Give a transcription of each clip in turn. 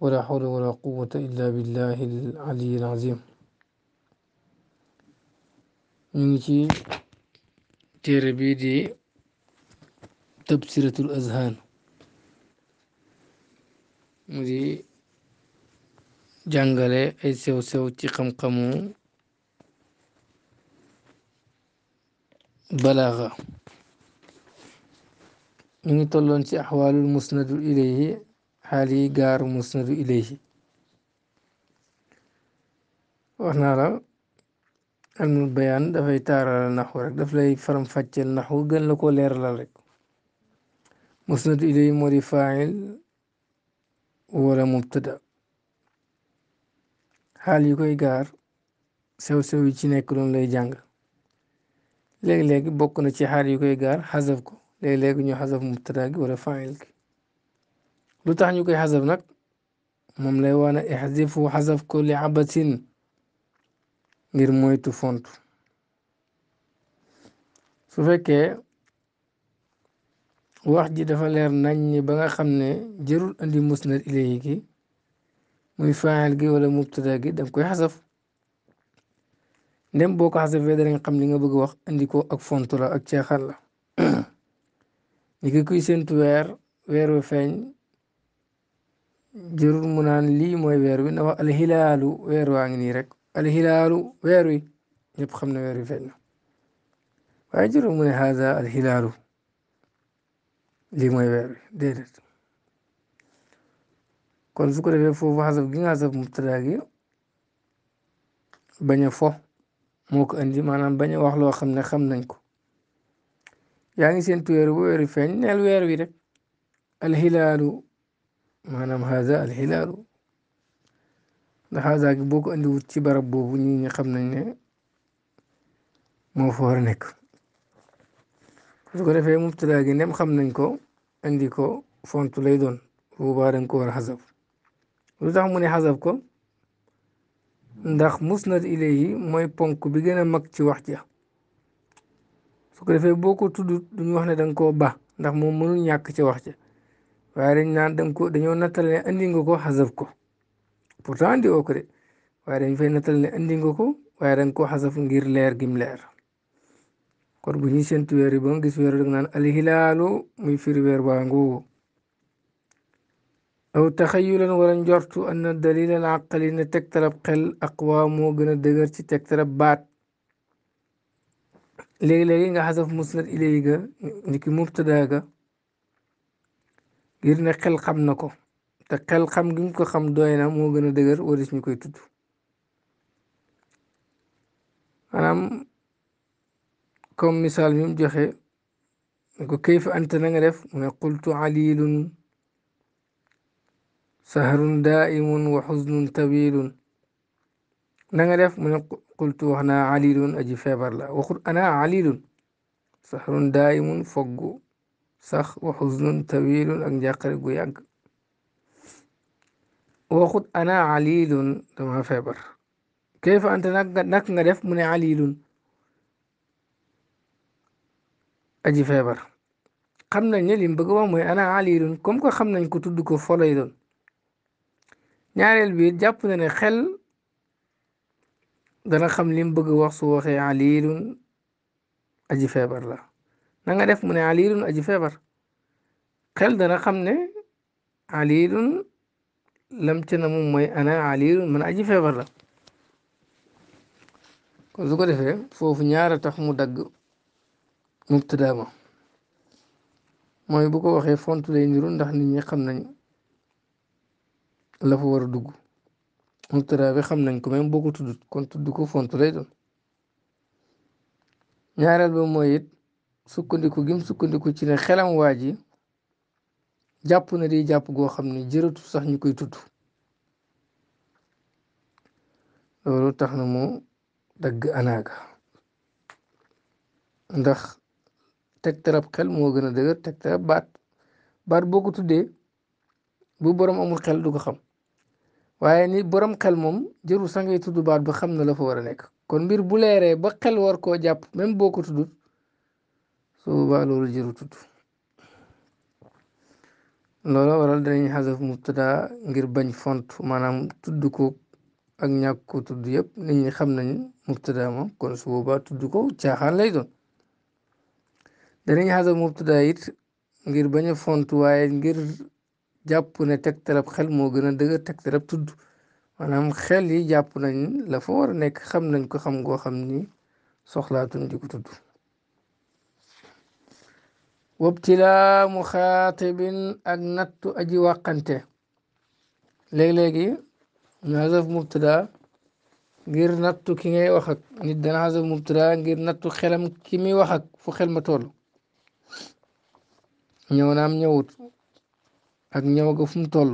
wala حول ولا قوة إلا بالله العلي العظيم ñu ngi ci téere bii di tabsiratul azhan mu di jàngale ay sew-sew ci xam-xamu balaaxa ñu ngi tolloon ci axwaalul xaali gaaru musnadu ilayhi wax naa la almul bayaan dafay taaralal naxu rek daf lay faram fàcceel naxu gën la ko leeralal rek musnadu ilayhi moo di faayil wala mubtada xaal yi koy gaar sew-sew yi ci nekk loon lay jàng léegi-léegi bokk na ci xaal yi koy gaar xasaf ko léegi-léegi ñu xasaf mubtada gi wala faayil gi lu tax ñu koy xasaf nag moom lay wane ixzifu xasaf ko li abasin ngir moytu font su fekkee wax ji dafa leer nañ ni ba nga xam ne jërul andi musnad ilayhi gi muy faayal gi wala mubtada gi danga koy xasaf ndem boo ko xasafee danañ xam li nga bëgg wax andi ko ak font la ak ceexal la ni ki kuy séntu weer weer wu feeñ jërul mu naan lii mooy weer wi na wa alxilaalu weer waa ngi nii rek alxilaalu weer wi ñëpp xam na weer wi feeñ na waaye jërul mu ne haza alxilaalu lii mooy weer wi déedéet kon su ko defee foofu xasaf gi nga xasaf mubtadaa gi bañ fo moo ko andi maanaam bañ a wax loo xam ne xam nañ ko yaa ngi seen tuweer bu weer wi feeñ neel weer wi rek alxilaalu maanaam haza al xilaalu ndax haza gi boo ko andiwut ci barab boobu ñi ñi xam nañ ne moo fa a nekk su ko defee mubtada gi nem xam nañ ko andi ko font lay doon boobaa dañ ko war a xasab lu tax mu ne xasab ko ndax musnad ilayhi mooy ponk bi gën mag ci wax ja su ko defee boo ko tudd duñu wax ne danga koo ba ndax moom mënul ñàkk ci wax ja waaye dañ naan da ko dañoo nattal ne andi nga ko xasaf ko pourtant andi ko de waaye dañ fay nattal ne andi nga ko waaye da nga koo xasaf ngir leer gim leer kon bu ñuy séntu weer yi gis weer da nga naan alhilaalu muy firi weer baa ngoo aw taxayulan wala njortu an dalil al aqali ne tegtalab xel aqwa moo gën a dëgër ci tegtalab baat léegi-léegi nga xasaf musnad ilay ga niki mubtada ga ngir ne xel xam na ko te xel xam gi mu ko xam doy na moo gën a dëgër waris ñu koy tudd maanaam comme misaal mi mu joxe ko kayfa anta na nga def mu ne qultu alilun saharun daimun wa xuznun tawilun na nga def mu ne wax naa alilun aji feebar la waxut ana alilun saharun daimun foggu sax wa xuznun tawilun ak njàqare gu yàgg waxut ana alilun dama feebar kayfa anta nak nga def mu ne alilun aji feebar xam nañ ne lim bëgg wax mooy ana alilun comme que xam nañ ko tudd ko folay doon ñaareel bi jàpp na ne xel dana xam lim bëgg wax su waxee alilun aji feebar la na nga def mu ne aliirun aji feebar xel dana xam ne aliirun lam ca na moom mooy ana aliirun man aji feebar la kon su ko defee foofu ñaara tax mu dagg mubtada ma mooy bu ko waxee font lay niru ndax nit xam nañ la war a dugg mubtada bi xam nañ ko même tudd kon tudd ko font lay doon ñaareel ba sukkandiku gim sukkandiku ci ne xelam waa ji jàpp na di jàpp goo xam ne jërëtu sax ñu koy tudd tax na moo dagg anaaga ndax tegtalab xel moo gën a dëgër tegtalab baat baat boo ko tuddee bu borom amul xel du ko xam waaye ni borom xel moom jëru sa ngay tudd baat ba xam na la fa war a nekk kon mbir bu leeree ba xel war koo jàpp même boo ko tuddut su boobaa loolu jëru tudd loola waral danañ xasaf mubtada ngir bañ font maanaam tudd ko ak ñàkk ko tudd yëpp nit ñi xam nañ mubtada moom kon su boobaa tudd ko caaxaan lay doon danañ xasaf mubtada it ngir bañ a font waaye ngir jàpp ne tegtalab xel moo gën a teg tegtalab tudd maanaam xel yi jàpp nañ la fa war a nekk xam nañ ko xam goo xam ni soxlaatuñ di ko tudd wabtilaa muxaatibin ak nattu aji wàqante léeg-léegi ñu xasaf mubtada ngir nattu ki ngay wax ak nit dana xasaf mubtada ngir nattu xelam ki muy wax ak fu xel ma toll ñëw naam ak ñëw ga fu mu toll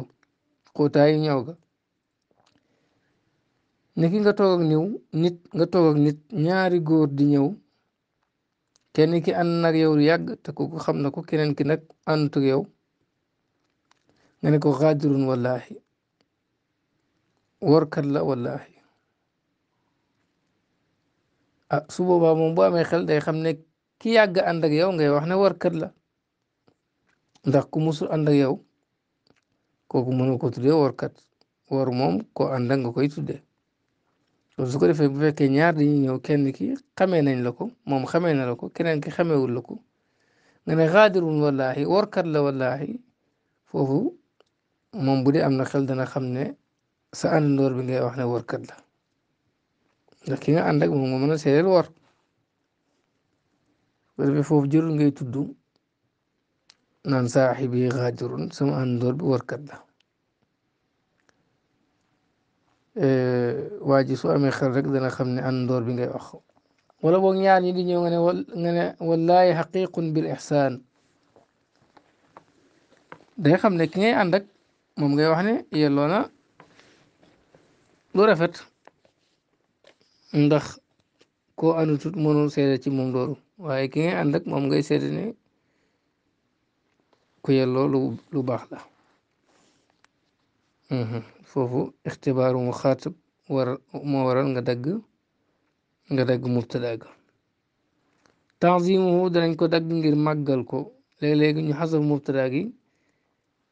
xóotaayu ñëw ga niki nga toog niw nit nga toog nit ñaari góor di ñëw kenn ki ànd nag yow lu yàgg te ku ko xam na ko keneen ki nag àndut yow nga ne ko xaadirun wallaahi warkat la wallaahi a ah, su boobaa moom bu amee xel day xam ne ki yàgg ànd ak yow ngay wax ne warkat la ndax ku musul ànd ak yow kooku mënu ko tuddee warkat war moom ko ànd ak nga koy tuddee su ko defee bu fekkee ñaar dañuy ñëw kenn ki xamee nañ la ko moom xamee na la ko keneen ki xameewul la ko nga ne xaadirun wallaahi warkat la wallaahi foofu moom bu am na xel dana xam ne sa àndandoor bi ngay wax ne warkat la ndax ki nga ànd ak moom nga mën a seedeel war su ko defee foofu jërul ngay tudd naan saaxibi xaadirun sama àndandoor bi warkat la Eh, waa ji su amee xel rek dana xam ne àndoor bi ngay wax wala boog ñaar ñi di ñëw nga ne nga ne wallaahi bil ihsaan day xam ne ki ngay ànd moom ngay wax ne yelloo na lu rafet ndax ko koo àndutut mënul seede ci moom loolu waaye ki ngay ànd moom ngay seede ne ku yelloo lu baax la ma mhm. foofu ixtibaaru mu xaatab war moo waral nga dagg nga dagg mubtada ga tanzimuhu danañ ko dagg ngir màggal ko léeg-léegi ñu xasab mubtada gi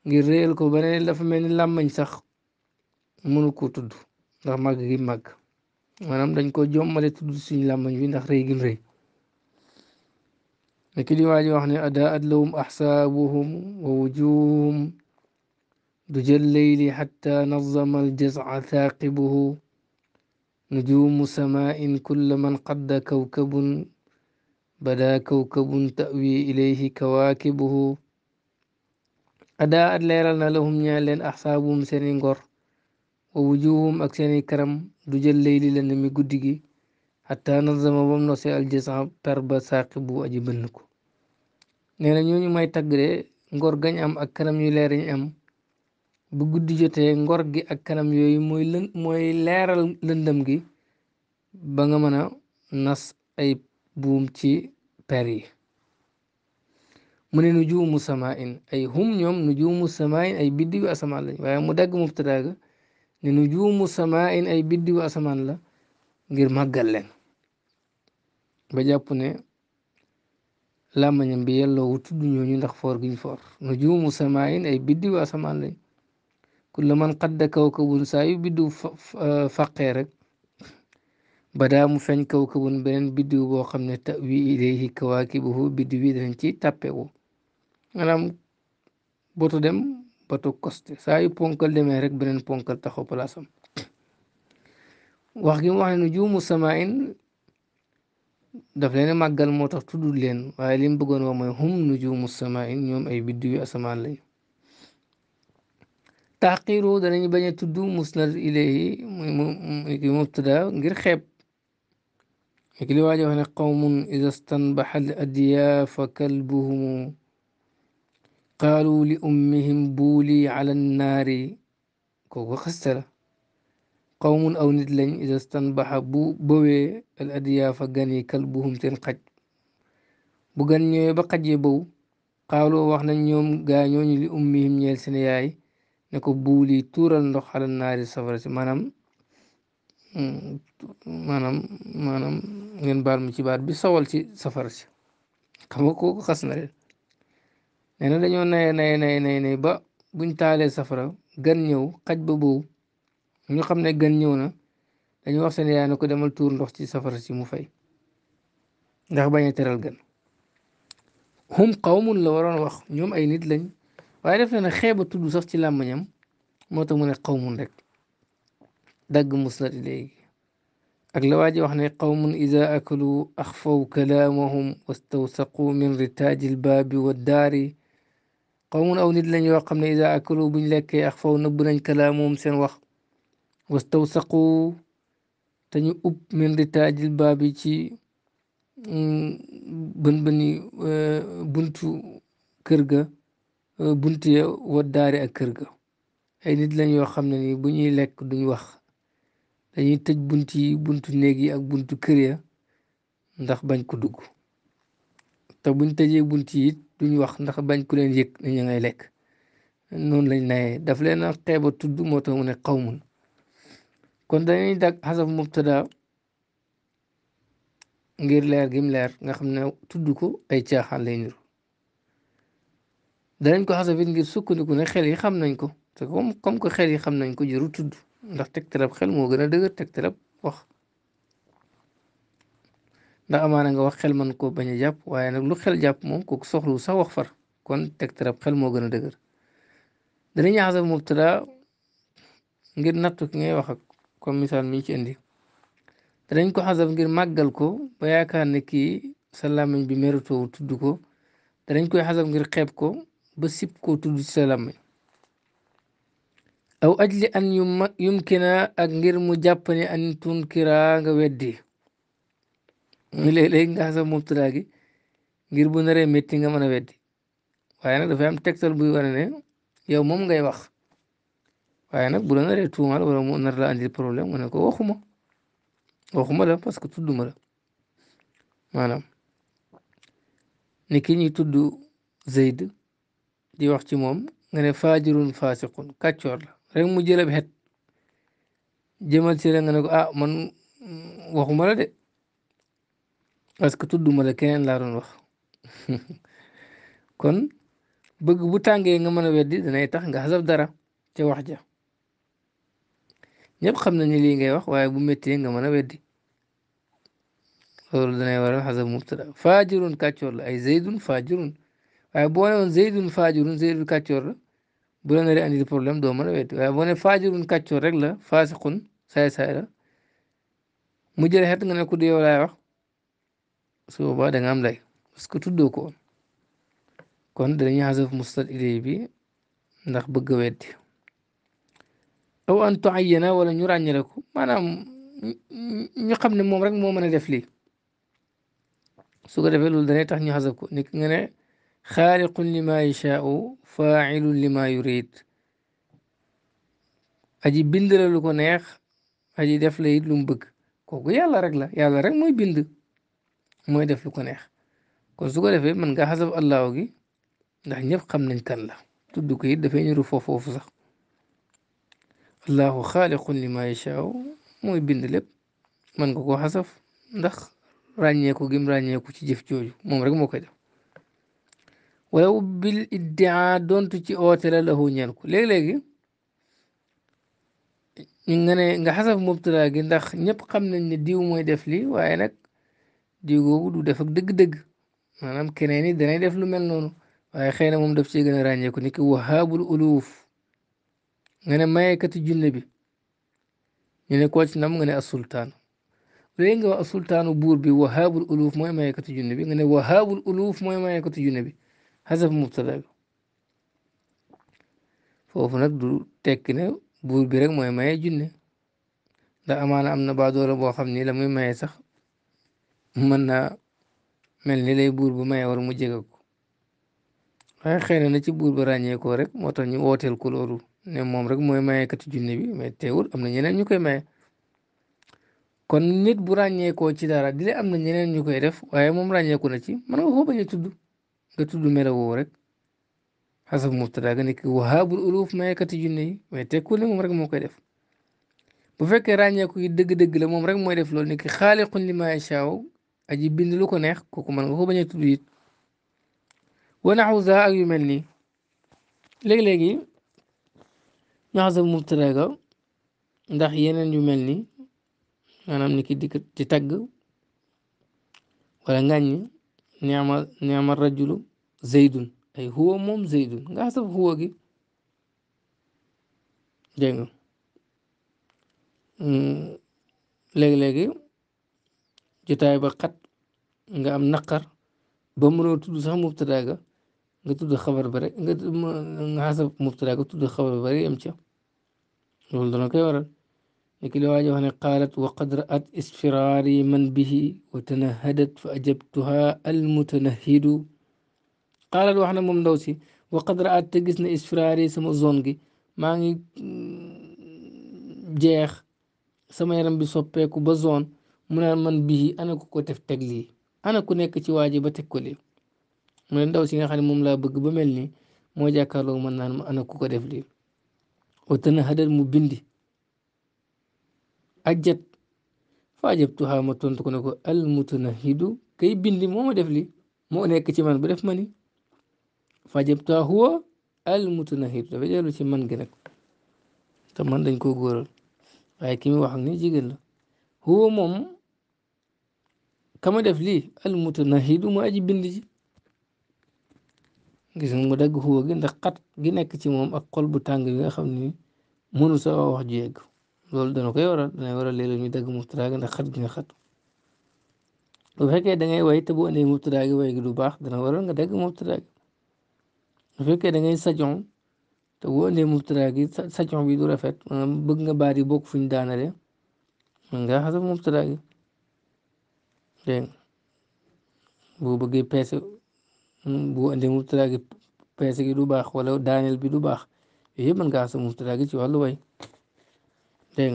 ngir réyal ko ba ne dafa mel ni làmmañ sax mënu ko tudd ndax màgg gi màgg maanaam dañ ko jommale tudd suñu làmmañ bi ndax rëy gim rëy nekk li waa ji wax ne ada at lawum axsaabuhum wa دجى الليل حتى نظم الجزع ثاقبه نجوم سماء كل من قد كوكب بدا كوكب تأوي إليه كواكبه أداء ليرال لهم يالين أحسابهم سنين غور ووجوههم أكسني كرم دجى الليل لنمي قدقي حتى نظم بم نوسي الجزع تربى ثاقبه أجبنكو nee na ñooñu may tagg de ngor gañ am ak kanam yu leer ñu am bu guddi jotee ngor gi ak kanam yooyu mooy leeral lëndëm gi ba nga mën a nas ay buum ci per yi mu ne nu samaain ay hum ñoom nujuumu ay biddiwu asamaan lañ mu dagg mubtadaa ga ne nujuumu samaain ay biddiwu asamaan la ngir màggal leen ba jàpp ne làmmañam bi yelloowu tudd ñooñu ndax foor giñ foor nujuumu samaain ay biddiwu asamaan lañ kulla man xadda kawkabun saa yu biddiw faqee rek badaa mu feeñ kawkabun beneen biddiw boo xam ne tawi ilayhi kawaakibuhu biddiw yi danañ ci tàppewu maanaam botu dem botu koste saa yu ponkal demee rek beneen ponkal taxaw palaasam wax gi mu wax ne nujuumu samaain daf leen màggal moo tax tuddu leen waaye li mu bëggoon wax mooy hum nujuumu samaain ñoom ay biddiw yu asamaan lañu taxqiru danañ bañ a tudd musnad ilayhi muy muy mubtada ngir xeeb ki li waajo wax ne qawmun ida stanbaxa al adya fa kalbuhum qaalu li ummihim buuli ala nnaari kooku xasta la qawmun aw nit lañ ida stanbaxa bu bawee al adya fa gan yi kalbuhum seen xaj bu gan ñëwee ba xaj yi bow qaalu wax nañ ñoom gaa ñooñu li ummihim ñeel seen yaay ne ko buuli tuural ndox ala naari safara si maanaam mm, maanaam maanaam ngeen baal mu ci baat bi sawal ci safara si xam nga kooku xas na leen nee dañoo naye naye naye naye ba buñ taalee safara gan ñëw xaj ba boobu ñu xam ne gan ñëw na dañu wax seen yaay ne ko demal tuur ndox ci safara si mu fay ndax bañ a teral gan hum qawmun la waroon wax ñoom ay nit lañ waaye def na ne xeeba tudd sax ci làmmañam moo tax mu ne xawmun rek dagg musnad léegi ak la waa ji wax ne qawmun ida akalu axfaw kalaamahum wastawsaqu min ritaaji lbaabi waddaari qawmun aw nit lañ yoo xam ne ida akalu buñ lekkee axfaw bu nañ kalaamahum seen wax wastawsaqu te ñu ub min ritaaji lbaabi ci mm, euh, buntu kër ga bunt ye wat daari ak kër ga ay nit lañ yoo xam ne ni bu ñuy lekk duñ wax dañuy tëj bunt yi buntu néeg yi ak buntu kër ya ndax bañ ku dugg te buñ tëjee bunt yi duñ wax ndax bañ ku leen yëg na ñu ngay lekk noonu lañ nayee daf leen a xeeba tudd moo tax mu ne xawmun kon dañuy dagg xasaf mubtada ngir leer gim leer nga xam ne tudd ko ay caaxaan lay niru danañ ko xasafit ngir sukkandiku ne xel yi xam nañ ko te comme comme que xel yi xam nañ ko jëru tudd ndax tegtalab xel moo gën a dëgër tegtalab wax ndax amaana nga wax xel man koo bañ a jàpp waaye nag lu xel jàpp moom kooku soxlu sax wax far kon tegtalab xel moo gën a dëgër danañ xasaf mubtada ngir nattu ki ngay wax ak comme misaal mi ci indi danañ ko xasaf ngir màggal ko ba yaakaar ne kii sa làmmiñ bi méritoo tudd ko danañ ko xasaf ngir xeeb ko ba sib ko tudd ci sa làmmiñ aw ajli an yumkina ak ngir mu jàpp ne an tunkira nga weddi mu léeg-léeg nga xasab mubtada gi ngir bu naree métti nga mën a weddi waaye nag dafa am tegtal buy wane ne yow moom ngay wax waaye nag bu la naree tuumal wala mu nar la andil problème mu ne ko waxuma ma la parce que tudduma la maanaam ni ki ñuy tudd Zayd di wax ci moom nga ne faajirun faasiqun kàccoor la rek mu jëlab xet jëmal ci rek nga ne ko ah man mm, waxuma de parce que tudduma la keneen laa doon wax kon bëgg bu tàngee nga mën a weddi danay tax nga xasab dara ca wax ja ñëpp xam nañu lii ngay wax waaye bu méttee nga mën a weddi loolu danay waral xasab mubtada faajirun kàccoor la ay zaydun faajirun waaye boo ne woon zeydun faajirun zeydun kàccoor la bu la naree doo mën a wedd waaye boo ne faajirun kàccoor rek la faasiqun saay-saay la mu jël xet nga ne ko du yow laay wax su am lay parce que tuddoo ko woon kon danañu xasaf mustad ilay bi ndax bëgg a weddi aw an tuayyana wala ñu ràññale ko maanaam ñu xam ne moom rek moo mën a def lii su ko defee loolu danay tax ñu xasaf ko ni nga xaaliqun limaa yashaau faailun limaa yurid aji bind la lu ko neex aji def la it lu mu bëgg kooku yàlla rek la yàlla rek mooy bind mooy def lu ko neex kon su ko defee mën nga xasab allahu gi ndax ñëpp xam nañ kan la tudd ko it dafay ñuru foofu sax allahu xaaliqun limaa yashaau mooy bind lépp mën nga koo xasaf ndax ràññeeku gim ràññeeku ci jëf jooju moom rek moo koy def wala ubbil iddia dontu ci oote lahu ñeel ko léegi-léegi nga ne nga xasaf mubtada gi ndax ñëpp xam nañ ne diw mooy def lii waaye nag diw googu du def ak dëgg-dëgg maanaam keneen i danay def lu mel noonu waaye xëy na moom daf ci gën a ràññeeku ni ki wahaabul uluuf nga ne mayekati junne bi ñu ne koo ci nam nga ne asultaan léegi nga wax asultaanu buur bi wahaabul uluuf mooy mayekati junne bi nga ne wahaabul uluuf mooy mayekati junne bi حذف mubtada ga foofu nag du tekki buur bi rek mooy maye junne ndax amaana am na baadoola boo xam ni la muy maye sax mën naa mel ni lay buur bu maye war mu jege ko waaye xëy na na ci buur ba ràññeekoo rek moo tax ñu wooteel ko loolu moom rek mooy mayekati junne bi mais teewul am na ñeneen ñu koy maye kon nit bu ràññeekoo ci dara di am na ñeneen ñu koy def waaye moom ràññeeku na ci mën nga ko bañ nga tudd melo woowu rek xasab mubtada nga nekk wahaabul uluf mayekati junne yi mais tekkul ne moom rek moo koy def bu fekkee ràññeeku yi dëgg-dëgg la moom rek mooy def loolu nekk xaaliqun ni maa yashaa aji bind lu ko neex kooku mën nga ko bañ a tudd yu mel nii léegi-léegi ñu xasab mubtada ndax yeneen yu mel nii maanaam ni ki dikk ci tagg wala ngàññ neema neema rajulu zaydun ay huwa moom zaydun nga xasab huwa gi dégg nga mm, léegi-léegi jotaay ba xat nga am naqar ba mënoo tudd sax mubtada nga tudd xabar ba rek nga nga xasab mubtada ga tudd xabar ba rek am ca loolu dana koy waral لكن واجه قالت وقد رأت اصفراري من به وتنهدت فأجبتها المتنهد قالت وحنا ممدوسي وقد رأت تجسنا اصفراري سما زونجي ماغي jeex sama yaram bi soppeeku ba zone mu ne man bii ana ku ko def teg lii ana ku nekk ci waa ji ba teg ko lii ndaw si nga xam ne moom laa bëgg ba mel nii moo jàkkaarloo man naan ana ku ko def lii. mu bindi ajjat fa ajabtuha ma tontu ko ne ko almutanahidu kay bindi moo ma def li moo nekk ci man ba def ma ni fa ajabtuha huwa almutanahidu dafa dellu ci man gi nag man dañ koo góoral waaye ki mu wax jigéen la moom kama def lii almutanahidu mu aji bind ji gis nga mu dagg huwa gi ndax xat gi nekk ci moom ak xol bu tàng bi nga xam ni mënu sa wax ju yegg loolu dana koy waral dana waral léeg-léeg ñu dagg mubtada ga ndax xat gi nga xat bu fekkee da ngay way te bu andee mubtada gi way gi du baax dana waral nga dagg mubtada gi bu fekkee da ngay sajon te bu andee mubtada gi sajon bi du rafet bëgg nga baat bokk fu ñu daanale nga xasab mubtada gi dégg boo bëggee peese hmm, bu andee mubtada gi peese du baax wala daanel bi du baax yooyu yëpp mën nga xasab mubtada gi ci wàllu way dégg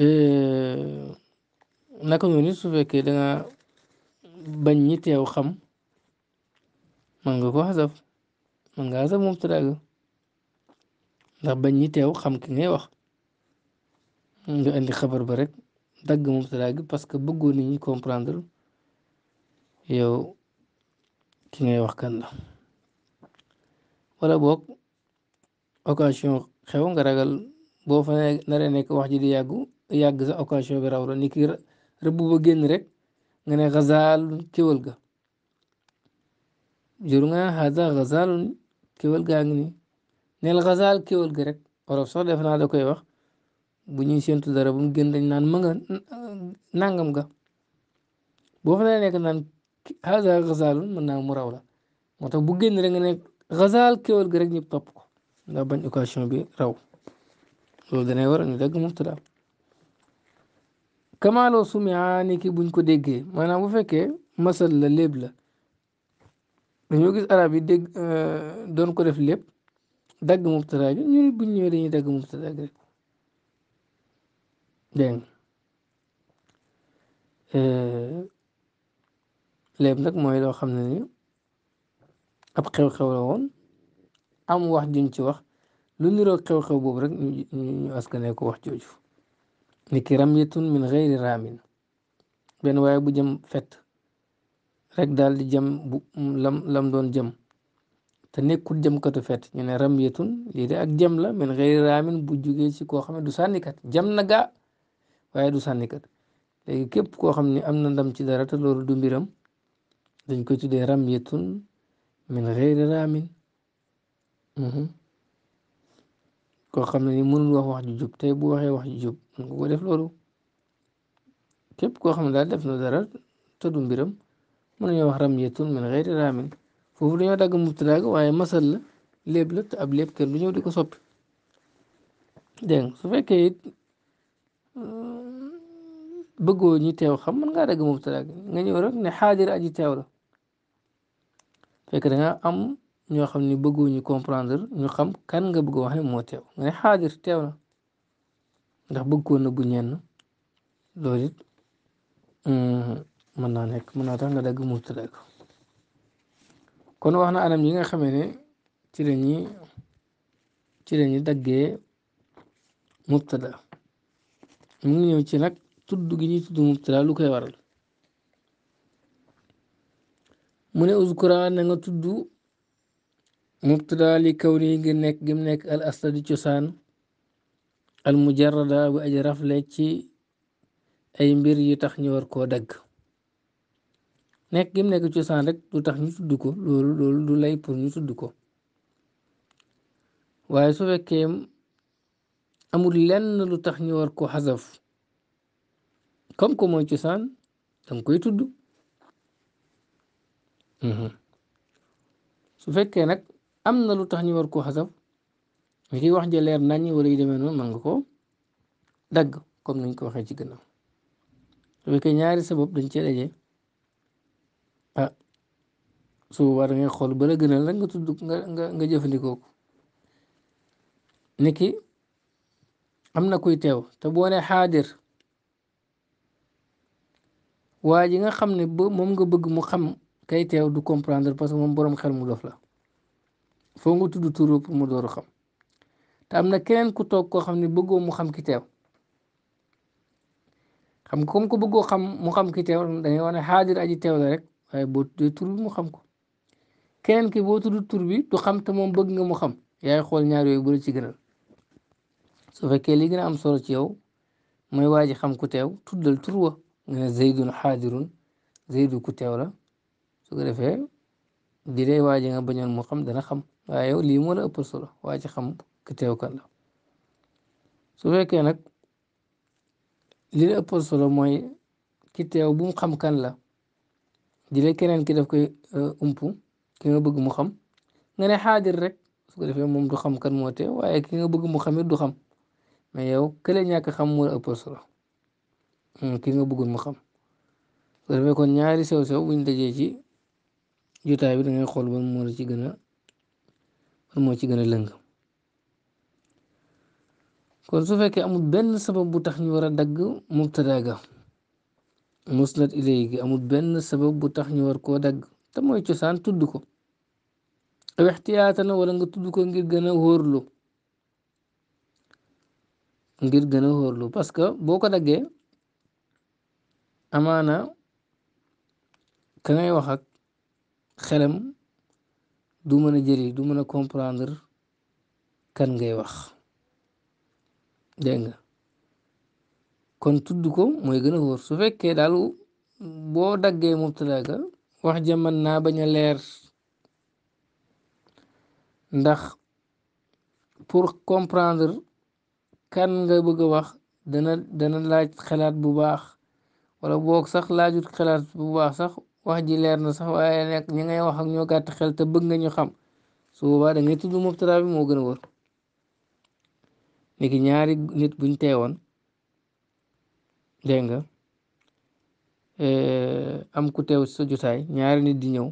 eh, naka noonu su fekkee da nga bañ ñi teew xam man nga ko xasaf man nga xasaf mubtada ga ndax bañ ñi teew xam ki ngay wax nga indi xabar ba rek dagg mubtada gi parce que bëggoon nit ñi comprendre yow ki ngay wax kan la wala boog occasion xew nga ragal. boo fa naree nekk wax ji di yàggu yàgg sa occasion bi raw la ni ki rëbb ba génn rek nga ne xazaal kéwal ga juru nga naan xaza xazaal kéwal gaa ngi nii neel xazaal kéwal ga rek olof sax naa da koy wax bu ñuy séntu dara bu mu génn dañ naan ma nga nangam ga boo fa naree nekk naan xaza xazaal mën na mu raw la moo tax bu génn rek nga ne xazaal kéwal ga rek ñëpp topp ko ndax bañ occasion bi raw loolu danay waral ñu dagg mubtada kamaaloo sumia ni ki buñ ko déggee maanaam bu fekkee masal la léeb la dañoo gis arab yi dégg euh, doon ko def lépp dagg mubtada gi ñu ne buñ ñëwee dañuy dagg mubtada gi rek dégg euh, léeb nag mooy loo xam ne ni ab xew-xew la woon am wax juñ ci wax lu niroog xew-xew boobu rek ñu askanee ko wax jooju ni ki ramyatun min xeyri raamin benn waaye bu jëm fet rek daal di jëm lam doon jëm te nekkul jëm katu fett ñu ne ramyatun lii de ak jëm la min xeyri raamin bu jugee ci koo xam ne du sànnikat jam na gaa waaye du sànnikat léegi képp koo xam ni am na ndam ci dara te loolu du mbiram dañ koy tuddee ramyatun min xeyri raamin mhm. koo xam ne ni mënul wax wax ju jub tey bu waxee wax ju jub mën nga ko def loolu képp koo xam ne daal def na dara tëddu mbiram mën nañoo wax ramyatun min xeyri raamin foofu dañoo dagg mubtadaa ga waaye masal la léeb ab léeb kenn du ñëw di ko soppi dégg su fekkee euh, bëggoo ñi teew xam mën ngaa dagg mubtadaa ga nga ñëw rek ne xaadir aji teew la fekk da nga am ñoo xam ni ne bëgguñu comprendre ñu xam kan nga bëgg wax ne moo teew nga ne xaadir teew na ndax bëggoon na buñen ñenn loolu it hmm, mën naa nekk mën naa tax nga dagg mubtada ko kon wax na anam yi nga xamee ne ci ñi ci lañuy daggee mubtada mu ngi ñëw ci nag tudd gi ñuy tudd mubtada lu koy waral mu uskura na nga mubtada li kaw nii ngir nekk gim nekk al asla di cosaan al mujarrada bu aji rafle ci ay mbir yu tax ñu war koo dagg nekk gim nekk cosaan rek du tax ñu tudd ko loolu loolu du lay pour ñu tudd ko waaye su fekkee amul lenn lu tax ñu war ko xasaf comme que cosaan danga koy tudd mhm. su fekkee nag am na lu tax ñu war koo xasaf li wax ja leer naññ wala yu demee noonu man nga ko dagg comme nañ ko waxee ci gannaaw su fekkee ñaari sabab dañ cee daje ah xool ba la gënal nga tudd nga nga nga jëfandikoo ko niki am na kuy teew te boo nee xaadir waa ji nga xam ne ba moom nga bëgg mu xam kay teew du comprendre parce que moom boroom xel mu dof la. foo nga tudd turu pour mu door xam te am na keneen ku toog koo xam ne bëggoo mu xam ki teew xam nga comme ko bëggoo xam mu xam ki teew da ngay wax ne aji teew la rek waaye boo tuddee bi mu xam ko keneen ki boo tudd tur bi du xam te moom bëgg nga mu xam yaay xool ñaar yooyu bu la ci gënal su fekkee li gën a am solo ci mooy waa ji xam ku teew tuddal turwa wa nga ne zaydun xaadirun ku teew la su ko defee di dee waa ji nga bañoon mu xam dana xam. waaye lii moo la ëpp solo waa ci xam ki teew kan la su fekkee nag lii la ëpp solo mooy ki teew bu xam kan la di la keneen ki daf koy euh, umpu ki nga bëgg mu xam nga ne xaadir rek su ko defee moom du xam kan moo waaye ki nga bëgg mu xam it du xam mais yow kële ñàkk xam moo la ëpp hmm, ki nga bëggul mu xam su ko defee kon ñaari sew-sew buñ dajee ci jotaay bi da xool ban moo la ci gën a kon moo ci gën a lëng kon su fekkee amul benn sabab bu tax ñu war a dagg mubtada ga musnad ilay gi amut benn sabab bu tax ñu war koo dagg te mooy cosaan tudd ko aw ixtiyaatan wala nga tudd ko ngir gën a wóorlu ngir gën a wóorlu parce que boo ko daggee amaana ka ngay wax ak xelam du mën a jëriñ du mën a comprendre kan ngay wax dégg nga kon tudd ko mooy gën a wóor su fekkee daal boo daggee mubtada ga wax jaman naa bañ a leer ndax pour comprendre kan nga bëgg a wax dana dana laaj xalaat bu baax wala boog sax laajut xalaat bu baax sax wax ji leer na sax waaye nekk ñi ngay wax ak ñoo gàtt xel te bëgg nga ñu xam su boobaa da ngay tudd mubtada moo gën a wër niki ñaari nit buñ teewoon dégg nga eh, am ku teew sa jotaay ñaari nit di ñëw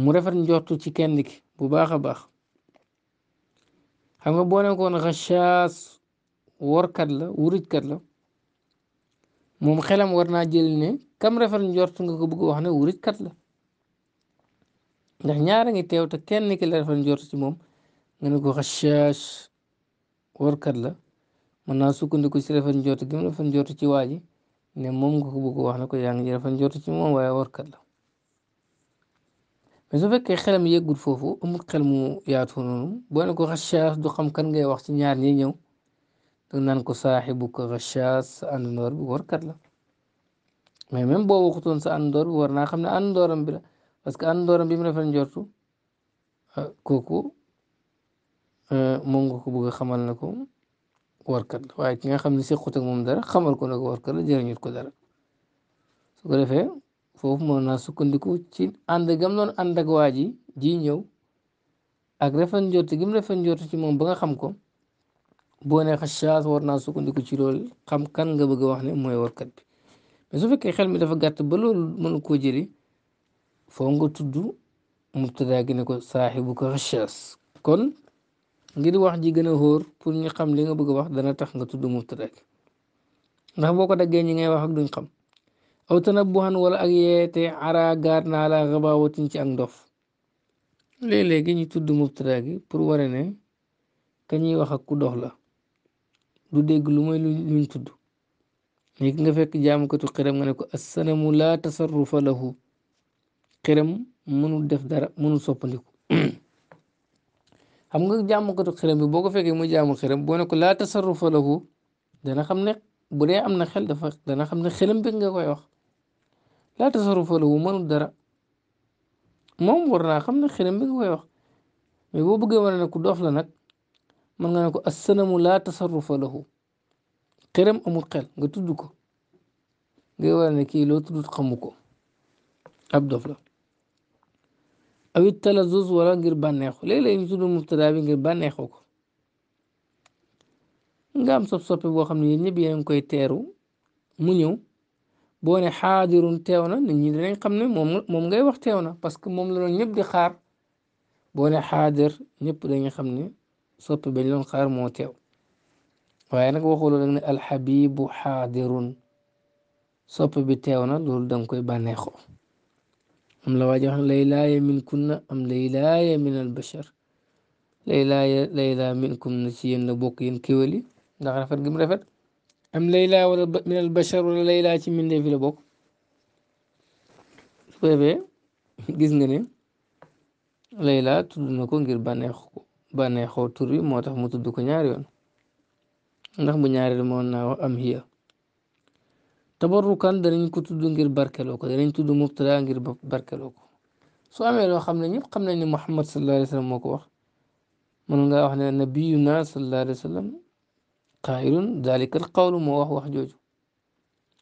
mu rafet njortu ci kenn ki bu baax a baax xam nga boo nekkoon xasaas workat la wurujkat la moom xelam war naa jël ne kam rafet njort nga ko bëgg wax ne wurit kat la ndax ñaara ngi teew ta kenn ki la rafet njort ci moom nga ne ko xashaas warkat la mën naa sukkandiku ci rafet njort gi mu njort ci waa ji ne moom nga ko bëgg wax ne ko yaa ngi rafet njort ci moom waaye warkat la mais su fekkee xelam yëggul foofu amul xel mu yaatu noonu boo ne ko xashaas du xam kan ngay wax ci ñaar ñi ñëw danga naan ko saaxibu ko xachaas sa àndandoor bi warkat la mais même boo waxutoon sa àndandoor bi war naa xam ne àndandooram bi la parce que àndandooram bi mu rafet njortu ah, kooku euh, moom nga ko bëgg a na ko warkat la waaye ki nga xam ne sequt moom dara xamal ko ne ko warkat la jëriñut ko dara su ko defee foofu mën na sukkandiku ci ànd gam doon ànd ak waa ji ji ñëw ak rafet njortu gi mu rafet njortu ci moom ba nga xam ko. boo nee xasaas war naa sukkandiku ci loolu xam kan nga bëgg wax ne mooy warkat bi mais su fekkee xel mi dafa gàtt ba mën mënu koo jëli foo nga tudd mubtada gi ne ko saaxibu ko xasaas kon ngir wax ji gën a xóor pour ñu xam li nga bëgg a wax dana tax nga tudd mubtada gi ndax boo ko daggee ñi ngay wax ak duñ xam aw tanabbuhan wala ak yeete ara gaar naa la xabaawatin ci ak ndof léeg-léegi ñu tudd mubtada gi pour ware ne ka ñuy wax ak ku dox la du dégg lu mooy luñ tudd léegi nga fekk jaamukatu xiram nga ne ko assanamu laa tasarrufa lahu xiram mënul def dara mënul soppandiku xam nga jaamukatu xiram bi boo ko fekkee muy jaamu xiram boo ko laa tasarrufa lahu dana xam ne bu dee am na xel dafa dana xam ne xiram bi nga koy wax laa tasarrufa lahu mënul dara moom war naa xam ne xiram bi nga koy wax mais boo bëggee wane ne ku dof la nag mën nga ne ko assanamu laa tasarrufa lahu xelam amul xel nga tudd ko ngay war ne kii loo tudd xamu ko ab dof la awit talazuz wala ngir bànneexu léeg-léeg bi ngir bànneexu ko nga am sop soppi boo xam ne yéen ñëpp yéen ngi koy teeru mu ñëw boo ne xaadirun teew na nit ñi dinañ xam ne moom moom ngay wax teew na parce que moom la ñëpp di xaar boo ne xaadir ñëpp dañuy xam ne soppe bañ doon xaar moo teew waaye nag waxuloo nag ne alxabibu xaadirun soppe bi teew na loolu danga koy bànneexoo am la waajo xam laylaaya min kunna am laylaaya min albashar laylaaya laylaa min kunna ci yéen la bokk yéen kéwél yi ndax rafet gi mu rafet am laylaa wala min albashar wala laylaa ci mbindeef yi bokk su ko gis nga ne laylaa ko ngir bànneexu ko bànneexoo tur moo tax mu tudd ko ñaari yoon ndax bu ñaareel moon na wax am hiya tabarrukan danañ ko tudd ngir barkeloo ko danañ tudd mubtada ngir barkeloo ko soo amee loo xam ne ñëpp xam nañ ne Muhammad sallallahu alayhi wa sallam moo ko wax mën ngaa wax ne nabiyuna sallallahu alayhi wa sallam qaayilun dalika al qawlu moo wax jooju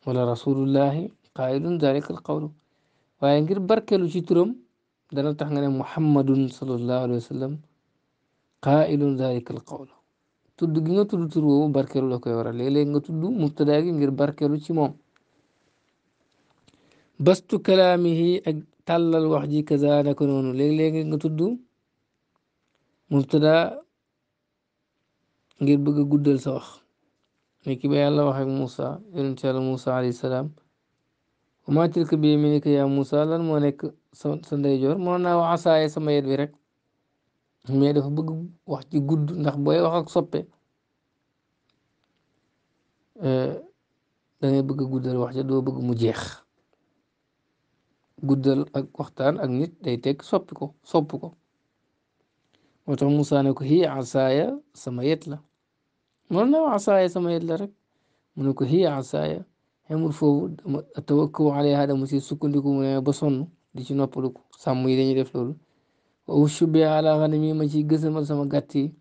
wala rasulullahi qaayilun dalika al qawlu ngir barkelu ci turam dana tax nga ne Muhammadun sallallahu alayhi wa sallam qaa'ilun zalika al qawl tudd gi nga tudd tur woowu barkeelu la koy waral léeg-léeg nga tudd mubtadaa gi ngir barkeelu ci moom bastu kalaamihi ak tàllal wax ji kaza naka noonu léeg-léeg nga tudd mubtadaa ngir bëgg a guddal sa wax ne ki ba yàlla wax ak Moussa yonent yàlla Moussa alayhi salaam wa maa tilka bi yaminika yaa Moussa lan moo nekk sa sa ndeyjoor moo naa wax asaaye sama yet bi rek mais dafa bëgg wax ci gudd ndax booy wax ak soppe euh, da ngay bëgg guddal wax doo bëgg mu jeex guddal ak waxtaan ak nit day tekk soppi ko sopp ko moo tax ko xii asaaya sama yet la mënoon na asaaya sama yet la rek mu ne ko xii asaaya xemul foofu dama tawakkaw alayha dama si sukkandiku mu ne ba sonn di ci noppalu ko sàmm yi dañuy def loolu ushu bi ala xanami ma ci gësamal sama gàtt yi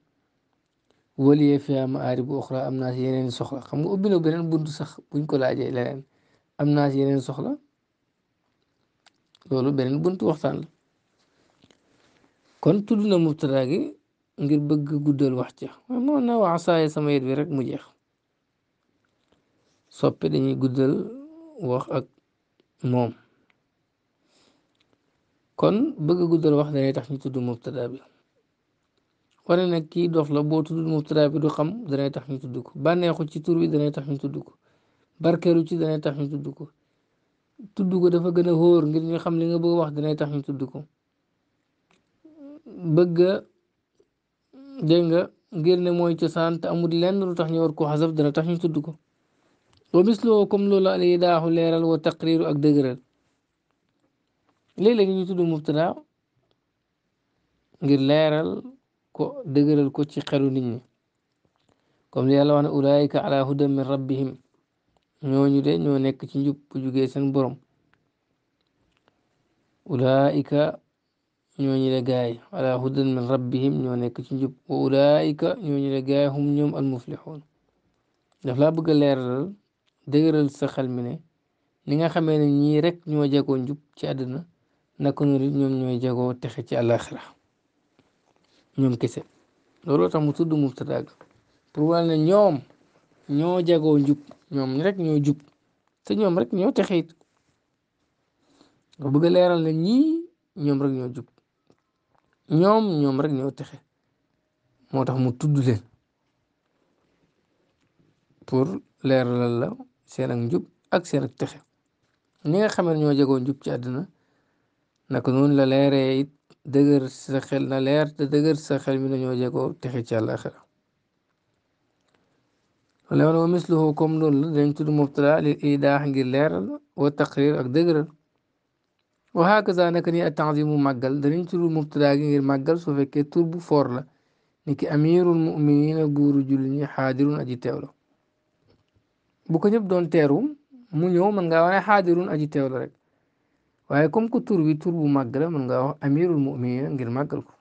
waliye fiha ma aari yeneen soxla xam nga ubbi na beneen bunt sax buñ ko laajee leneen naa yeneen soxla loolu beneen bunt waxtaan la kon tudd na mubtada gi ngir bëgg guddal wax ci waaye moo na sama yet bi rek mu jeex soppi dañuy guddal wax ak moom kon bëgg guddal wax danay tax ñu tudd mubtada bi wane nag kii dof la boo tudd mubtada bi du xam danay tax ñu tudd ko bànneexu ci tur bi danay tax ñu tudd ko ci danay tax ñu tudd ko tudd ko dafa gën a wóor ngir ñu xam li nga bëgg wax danay tax ñu tudd ko bëgg dégg nga ngir ne mooy cosaan te amul lenn lu tax ñu war ko xasab dana tax ñu tudd ko wa misloo comme loolu al idaaxu leeral wa taqriiru ak dëgëral léeg-léeg ñu tudd mubtada ngir leeral ko dëgëral ko ci xelu nit ñi comme li yàlla wax ne ulaayika ala hudan min rabbihim ñooñu de ñoo nekk ci njub bu jugee seen borom ulaayika ñooñu de gaay ala hudan min rabbihim ñoo nekk ci njub wa ulaayika ñooñu de gaay hum ñoom al daf laa bëgg a leeral dëgëral sa xel mi ni nga xamee ne ñii rek ñoo jagoo njub ci àddina naka noonu ñoom ñooy jagoo texe ci àllaaxira ñoom kese looloo tax mu tudd mubtada pour wàll ne ñoom ñoo jagoo njub ñoom rek ñoo jub te ñoom rek ñoo texe it nga bëgg leeral ne ñii ñoom rek ñoo jub ñoom ñoom rek ñoo texe moo tax mu tudd leen pour leeralal la seen ak njub ak seen ak texe ñi nga xam ñoo jagoo njub ci àddina naka noonu la leeree it dëgër xel na leer te dëgër sa xel mi nañoo jegoo texe ci àllaaxira wala wa misluhu comme loolu la dañ tudd mubtada lil idaax ngir leer wa taqrir ak dëgëral wa hakaza naka ni at-ta'zimu màggal danañ tudd gi ngir màggal su fekkee bu foor la ni ki amirul muminina buuru julli xaadirun aji teew la bu ko ñëpp doon teeru mu ñëw mën ngaa wane xaadirun aji la rek waaye comme que tur bi tur bu màgg la mën ngaa wax amirul mu'minin ngir màggal ko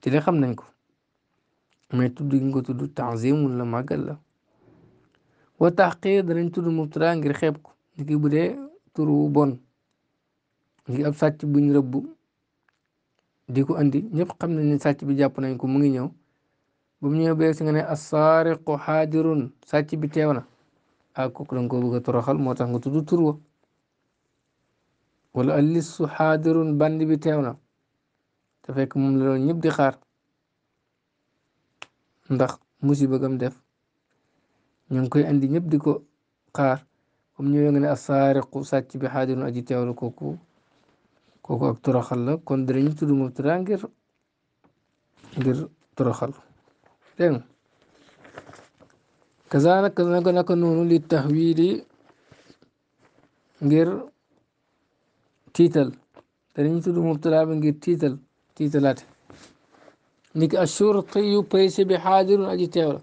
ci la xam nañ ko mais tudd gi nga tudd tanzimul la màggal la wa taxqiir danañ tudd mubtada ngir xeeb ko ni ki bu dee tur wu bon ngir ab sàcc buñ rëbb di ko andi ñëpp xam nañ ne sàcc bi jàpp nañ ko mu ngi ñëw bu mu ñëw beeg si nga ne assaariqu xaadirun sàcc bi teew na ah kooku da nga koo bëgg a toroxal moo tax nga tudd tur wa wala alisu xaadirun bandi bi teew na te fekk moom la doon ñëpp di xaar ndax musiba gam def ñu ngi koy andi ñëpp di ko xaar comme ñëwee nga ne asaariqu sàcc bi xaadirun aji teew la kooku kooku ak toroxal la kon danañu tudd moom turaa ngir ngir toroxal dégg kazaalika naka naka noonu li taxwiili ngir tiital dañuy tudd mubtalaa bi ngir tiital tiitalaate ni ki ashurtiyu police bi xaadirun aji teew la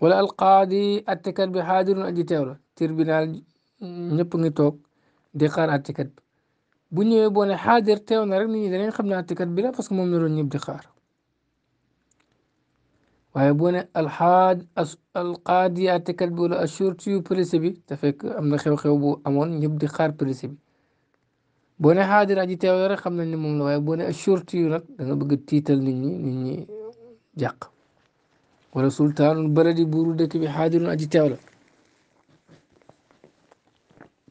wala alqaadi attekat bi xaadirun aji teew la tribunal ñëpp ngi toog di xaar attekat bi bu ñëwee boo ne xaadir teew na rek nit ñi danañ xam ne attekat bi la parce que moom la doon ñëpp waaye boo ne alxaaj alqaadi àttekat bi wala assurti yu police bi te fekk am na xew bu amoon ñëpp di xaar police bi boo ne xaadir aji teew rek xam nañ ne moom waaye boone ne assurti yu nag da nga bëgg tiital nit ñi nit ñi jàq wala sultaanul baladi buuru dëkk bi xaadirun aji teew la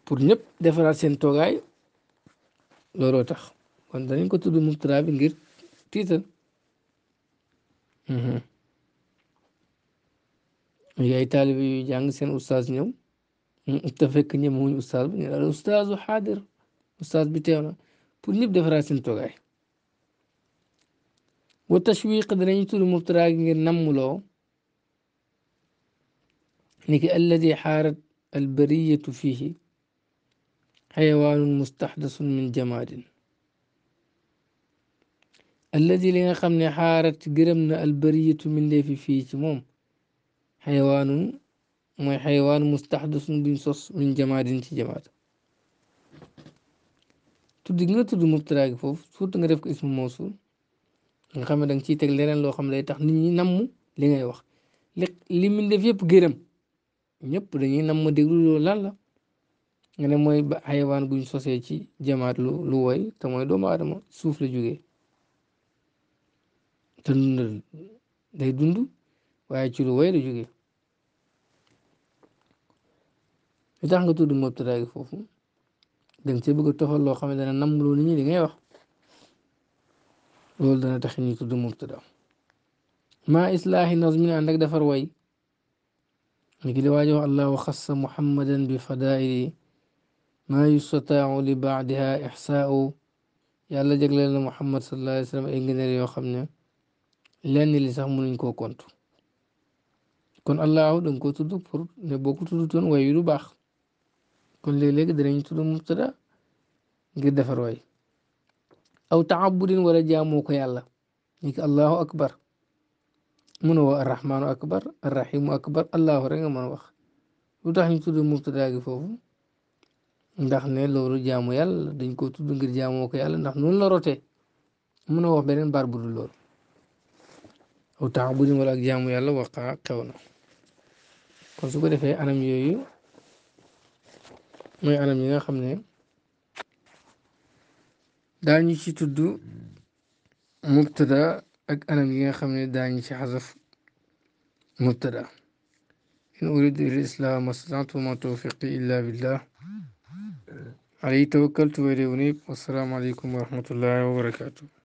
pour ñëpp defaraat seen toogaay looloo tax kon danañ ko tudd mubtara bi ngir tiital mhm. yooyu ay taalibe yu jàng seen ustaas mm, ñëw te fekk ñemewuñu ustaas bu ñu daal ustaasu ustaas bi teew na pour ñëpp defaraat seen toogaay wa tashwiq danañu tudd mubtaraa gi ngir nammuloo niki alladi xaarat albariyatu fihi xayawaanun mustaxdasun min jamaadin alladi li nga xam ne xaarat gërëm na albariyatu mindeefi fii ci moom xayawaanun mooy xayawaan mustaxdasun buñ sos min jamaadin ci jamaat tudd gi nga tudd mubtadaa gi foofu surtout nga def ko ismu mawsul nga xam ne danga ciy teg leneen loo xam ne day tax nit ñi namm li ngay wax li li mu def yëpp gërëm ñëpp dañuy namm déglu loolu lan la nga ne mooy ba xayawaan buñ sosee ci jamaat lu lu woy te mooy doomu aadama suuf la jógee te dund day dund waaye ci lu woy la jógee li tax nga tudd mubtada gi foofu da nga see bëgg a toxal loo xam ne dana nam loo nit ñi li ngay wax loolu dana tax ñu tudd mubtada maa islaahi nazmin ànd ak defar way ni ki li waajo wax allah wa xassa muhammadan bi fadaili maa yustataau li baadiha ixsaau yàlla jagleel na muhammad sallallahu alayhi wa sallam ay ngëneel yoo xam ne lenn li sax mënuñ koo kont kon allahu da nga ko tudd pour ne boo ko tuddutoon way yu du baax kon léeg-léegi danañ tudd mubtada ngir defar waay aw taabudin wala jaamoo ko yàlla ni ko allahu akbar mënoo wa arrahmaanu akbar arrahimu akbar allahu rek nga mën a wax lu tax ñu tudd mubtada gi foofu ndax ne loolu jaamu yàlla dañ ko tudd ngir jaamoo ko yàlla ndax noonu la rotee mën a wax beneen baar bu dul loolu aw taabudin wala ak jaamu yàlla waqa xew na kon su ko defee anam yooyu mooy anam yi nga xam ne daañu ci tudd mubtada ak anam yi nga xam ne daañu ci xasaf mubtada in uridu il islam mastata'tu ma tawfiqi illa billah alayhi tawakkaltu wa ilayhi unib wassalaamu aleykum wa